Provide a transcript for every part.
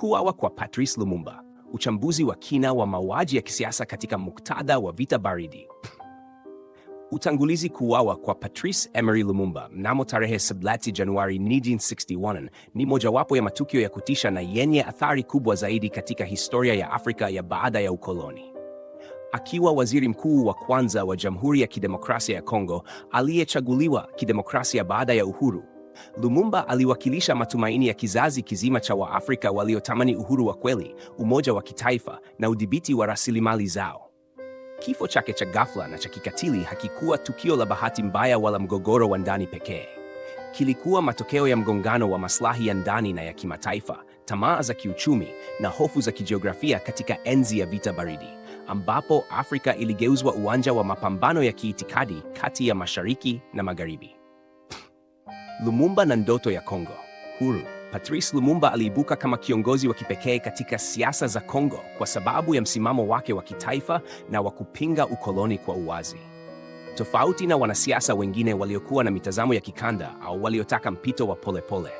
Kuuawa kwa Patrice Lumumba, uchambuzi wa kina wa mauaji ya kisiasa katika muktadha wa vita baridi. Utangulizi. Kuuawa kwa Patrice Emery Lumumba mnamo tarehe 7 Januari 1961 ni mojawapo ya matukio ya kutisha na yenye athari kubwa zaidi katika historia ya Afrika ya baada ya ukoloni. Akiwa waziri mkuu wa kwanza wa Jamhuri ya Kidemokrasia ya Kongo aliyechaguliwa kidemokrasia baada ya uhuru Lumumba aliwakilisha matumaini ya kizazi kizima cha Waafrika waliotamani uhuru wa kweli, umoja wa kitaifa na udhibiti wa rasilimali zao. Kifo chake cha ghafla na cha kikatili hakikuwa tukio la bahati mbaya wala mgogoro wa ndani pekee. Kilikuwa matokeo ya mgongano wa maslahi ya ndani na ya kimataifa, tamaa za kiuchumi na hofu za kijiografia katika enzi ya vita baridi, ambapo Afrika iligeuzwa uwanja wa mapambano ya kiitikadi kati ya Mashariki na Magharibi. Lumumba na ndoto ya Kongo huru. Patrice Lumumba aliibuka kama kiongozi wa kipekee katika siasa za Kongo kwa sababu ya msimamo wake wa kitaifa na wa kupinga ukoloni kwa uwazi. Tofauti na wanasiasa wengine waliokuwa na mitazamo ya kikanda au waliotaka mpito wa polepole pole.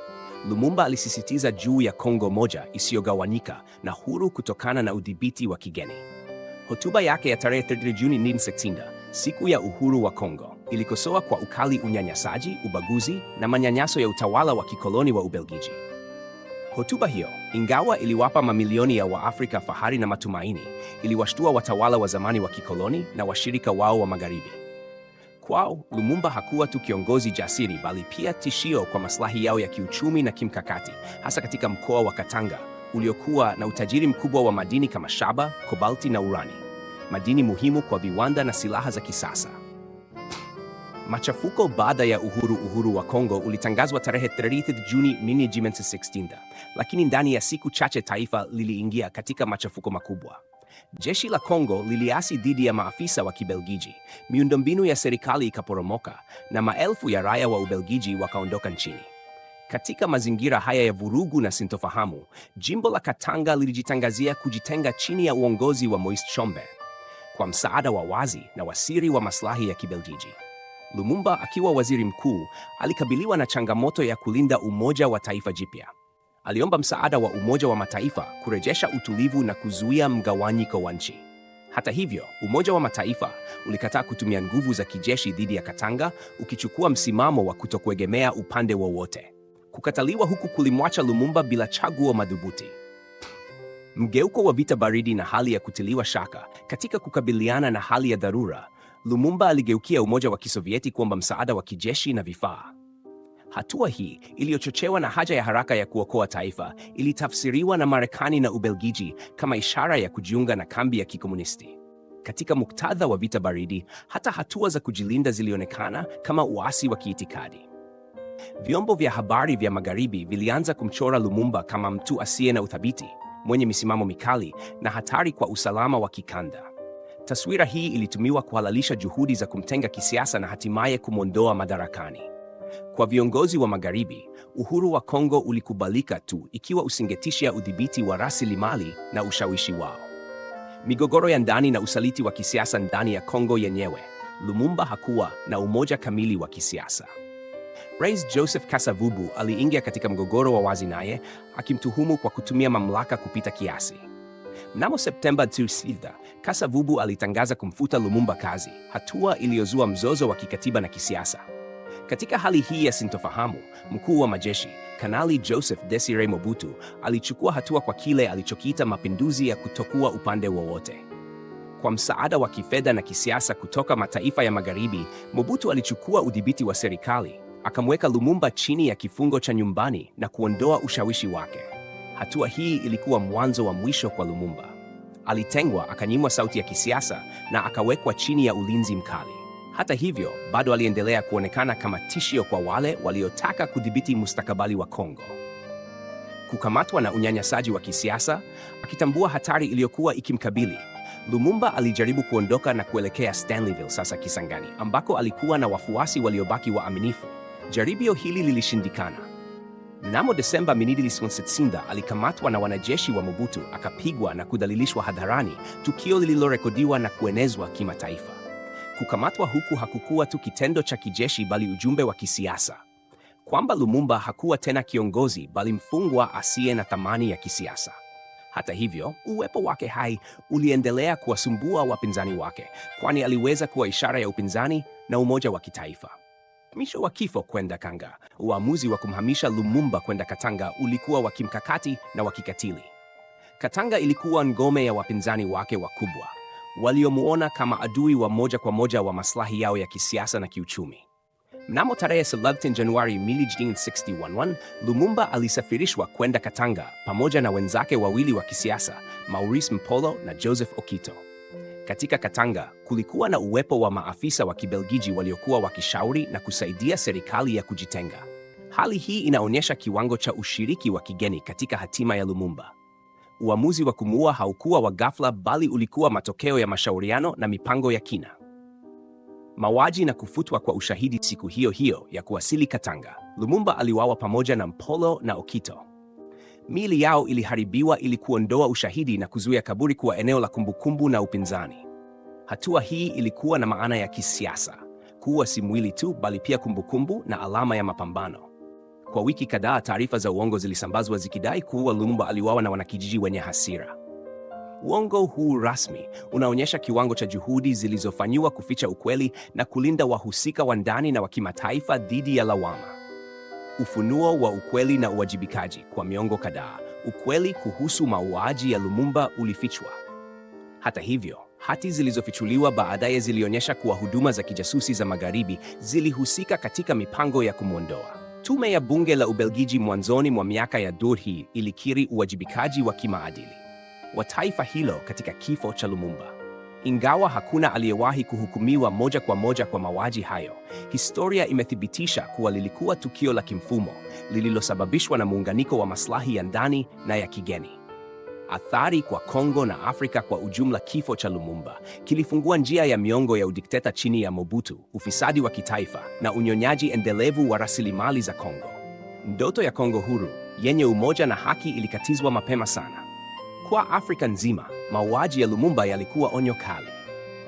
Lumumba alisisitiza juu ya Kongo moja isiyogawanyika na huru kutokana na udhibiti wa kigeni. Hotuba yake ya tarehe 3 Juni 1960 siku ya uhuru wa Kongo ilikosoa kwa ukali unyanyasaji, ubaguzi na manyanyaso ya utawala wa kikoloni wa Ubelgiji. Hotuba hiyo, ingawa iliwapa mamilioni ya Waafrika fahari na matumaini, iliwashtua watawala wa zamani wa kikoloni na washirika wao wa Magharibi. Kwao, Lumumba hakuwa tu kiongozi jasiri, bali pia tishio kwa maslahi yao ya kiuchumi na kimkakati, hasa katika mkoa wa Katanga uliokuwa na utajiri mkubwa wa madini kama shaba, kobalti na urani madini muhimu kwa viwanda na silaha za kisasa. Machafuko baada ya uhuru. Uhuru wa Kongo ulitangazwa tarehe 30 Juni 1960, lakini ndani ya siku chache taifa liliingia katika machafuko makubwa. Jeshi la Kongo liliasi dhidi ya maafisa wa Kibelgiji, miundombinu ya serikali ikaporomoka na maelfu ya raia wa Ubelgiji wakaondoka nchini. Katika mazingira haya ya vurugu na sintofahamu, jimbo la Katanga lilijitangazia kujitenga chini ya uongozi wa Moise Tshombe kwa msaada wa wazi na wasiri wa maslahi ya Kibeljiji. Lumumba akiwa waziri mkuu alikabiliwa na changamoto ya kulinda umoja wa taifa jipya. Aliomba msaada wa Umoja wa Mataifa kurejesha utulivu na kuzuia mgawanyiko wa nchi. Hata hivyo, Umoja wa Mataifa ulikataa kutumia nguvu za kijeshi dhidi ya Katanga, ukichukua msimamo wa kutokuegemea upande wowote. Kukataliwa huku kulimwacha Lumumba bila chaguo madhubuti. Mgeuko wa vita baridi na hali ya kutiliwa shaka. Katika kukabiliana na hali ya dharura, Lumumba aligeukia Umoja wa Kisovieti kuomba msaada wa kijeshi na vifaa. Hatua hii iliyochochewa na haja ya haraka ya kuokoa taifa ilitafsiriwa na Marekani na Ubelgiji kama ishara ya kujiunga na kambi ya kikomunisti. Katika muktadha wa vita baridi, hata hatua za kujilinda zilionekana kama uasi wa kiitikadi. Vyombo vya habari vya Magharibi vilianza kumchora Lumumba kama mtu asiye na uthabiti mwenye misimamo mikali na hatari kwa usalama wa kikanda. Taswira hii ilitumiwa kuhalalisha juhudi za kumtenga kisiasa na hatimaye kumwondoa madarakani. Kwa viongozi wa Magharibi, uhuru wa Kongo ulikubalika tu ikiwa usingetishia udhibiti wa rasilimali na ushawishi wao. Migogoro ya ndani na usaliti wa kisiasa ndani ya Kongo yenyewe. Lumumba hakuwa na umoja kamili wa kisiasa. Rais Joseph Kasavubu aliingia katika mgogoro wa wazi naye, akimtuhumu kwa kutumia mamlaka kupita kiasi. Mnamo Septemba 2006, Kasavubu alitangaza kumfuta Lumumba kazi, hatua iliyozua mzozo wa kikatiba na kisiasa. Katika hali hii ya sintofahamu, mkuu wa majeshi Kanali Joseph Desire Mobutu alichukua hatua kwa kile alichokiita mapinduzi ya kutokuwa upande wowote. Kwa msaada wa kifedha na kisiasa kutoka mataifa ya Magharibi, Mobutu alichukua udhibiti wa serikali Akamweka Lumumba chini ya kifungo cha nyumbani na kuondoa ushawishi wake. Hatua hii ilikuwa mwanzo wa mwisho kwa Lumumba. Alitengwa, akanyimwa sauti ya kisiasa na akawekwa chini ya ulinzi mkali. Hata hivyo, bado aliendelea kuonekana kama tishio kwa wale waliotaka kudhibiti mustakabali wa Kongo. Kukamatwa na unyanyasaji wa kisiasa, akitambua hatari iliyokuwa ikimkabili, Lumumba alijaribu kuondoka na kuelekea Stanleyville, sasa Kisangani, ambako alikuwa na wafuasi waliobaki waaminifu. Jaribio hili lilishindikana. Mnamo Desemba 1960 alikamatwa na wanajeshi wa Mobutu, akapigwa na kudhalilishwa hadharani, tukio lililorekodiwa na kuenezwa kimataifa. Kukamatwa huku hakukuwa tu kitendo cha kijeshi, bali ujumbe wa kisiasa kwamba Lumumba hakuwa tena kiongozi, bali mfungwa asiye na thamani ya kisiasa. Hata hivyo, uwepo wake hai uliendelea kuwasumbua wapinzani wake, kwani aliweza kuwa ishara ya upinzani na umoja wa kitaifa. Uhamisho wa kifo kwenda Kanga. Uamuzi wa kumhamisha Lumumba kwenda Katanga ulikuwa wa kimkakati na wa kikatili. Katanga ilikuwa ngome ya wapinzani wake wakubwa, waliomuona kama adui wa moja kwa moja wa maslahi yao ya kisiasa na kiuchumi. Mnamo tarehe 13 Januari 1961, Lumumba alisafirishwa kwenda Katanga pamoja na wenzake wawili wa kisiasa, Maurice Mpolo na Joseph Okito katika Katanga kulikuwa na uwepo wa maafisa wa Kibelgiji waliokuwa wakishauri na kusaidia serikali ya kujitenga. Hali hii inaonyesha kiwango cha ushiriki wa kigeni katika hatima ya Lumumba. Uamuzi wa kumuua haukuwa wa ghafla, bali ulikuwa matokeo ya mashauriano na mipango ya kina. Mauaji na kufutwa kwa ushahidi. Siku hiyo hiyo ya kuwasili Katanga, Lumumba aliwawa pamoja na Mpolo na Okito. Miili yao iliharibiwa ili kuondoa ushahidi na kuzuia kaburi kuwa eneo la kumbukumbu na upinzani. Hatua hii ilikuwa na maana ya kisiasa, kuwa si mwili tu bali pia kumbukumbu na alama ya mapambano. Kwa wiki kadhaa, taarifa za uongo zilisambazwa zikidai kuwa Lumumba aliuawa na wanakijiji wenye hasira. Uongo huu rasmi unaonyesha kiwango cha juhudi zilizofanyiwa kuficha ukweli na kulinda wahusika wa ndani na wa kimataifa dhidi ya lawama ufunuo wa ukweli na uwajibikaji. Kwa miongo kadhaa, ukweli kuhusu mauaji ya Lumumba ulifichwa. Hata hivyo, hati zilizofichuliwa baadaye zilionyesha kuwa huduma za kijasusi za Magharibi zilihusika katika mipango ya kumwondoa. Tume ya bunge la Ubelgiji mwanzoni mwa miaka ya Durhi ilikiri uwajibikaji wa kimaadili wa taifa hilo katika kifo cha Lumumba. Ingawa hakuna aliyewahi kuhukumiwa moja kwa moja kwa mauaji hayo, historia imethibitisha kuwa lilikuwa tukio la kimfumo lililosababishwa na muunganiko wa maslahi ya ndani na ya kigeni. Athari kwa Kongo na Afrika kwa ujumla. Kifo cha Lumumba kilifungua njia ya miongo ya udikteta chini ya Mobutu, ufisadi wa kitaifa na unyonyaji endelevu wa rasilimali za Kongo. Ndoto ya Kongo huru yenye umoja na haki ilikatizwa mapema sana kwa Afrika nzima. Mauaji ya Lumumba yalikuwa onyo kali,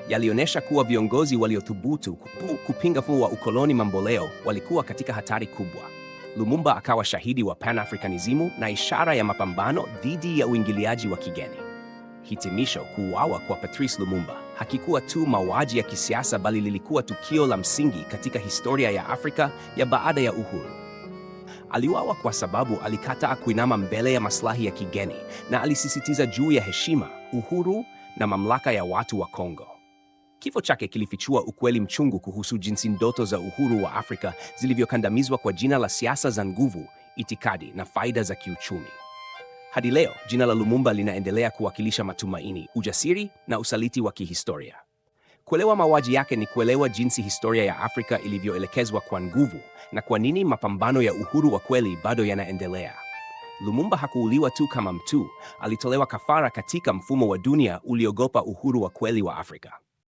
yalionyesha kuwa viongozi waliothubutu kupinga mfumo wa ukoloni mamboleo walikuwa katika hatari kubwa. Lumumba akawa shahidi wa Pan-Africanism na ishara ya mapambano dhidi ya uingiliaji wa kigeni. Hitimisho, kuuawa kwa Patrice Lumumba hakikuwa tu mauaji ya kisiasa bali lilikuwa tukio la msingi katika historia ya Afrika ya baada ya uhuru. Aliuawa kwa sababu alikataa kuinama mbele ya maslahi ya kigeni na alisisitiza juu ya heshima uhuru na mamlaka ya watu wa Kongo. Kifo chake kilifichua ukweli mchungu kuhusu jinsi ndoto za uhuru wa Afrika zilivyokandamizwa kwa jina la siasa za nguvu, itikadi na faida za kiuchumi. Hadi leo, jina la Lumumba linaendelea kuwakilisha matumaini, ujasiri na usaliti wa kihistoria. Kuelewa mauaji yake ni kuelewa jinsi historia ya Afrika ilivyoelekezwa kwa nguvu na kwa nini mapambano ya uhuru wa kweli bado yanaendelea. Lumumba hakuuliwa tu kama mtu, alitolewa kafara katika mfumo wa dunia uliogopa uhuru wa kweli wa Afrika.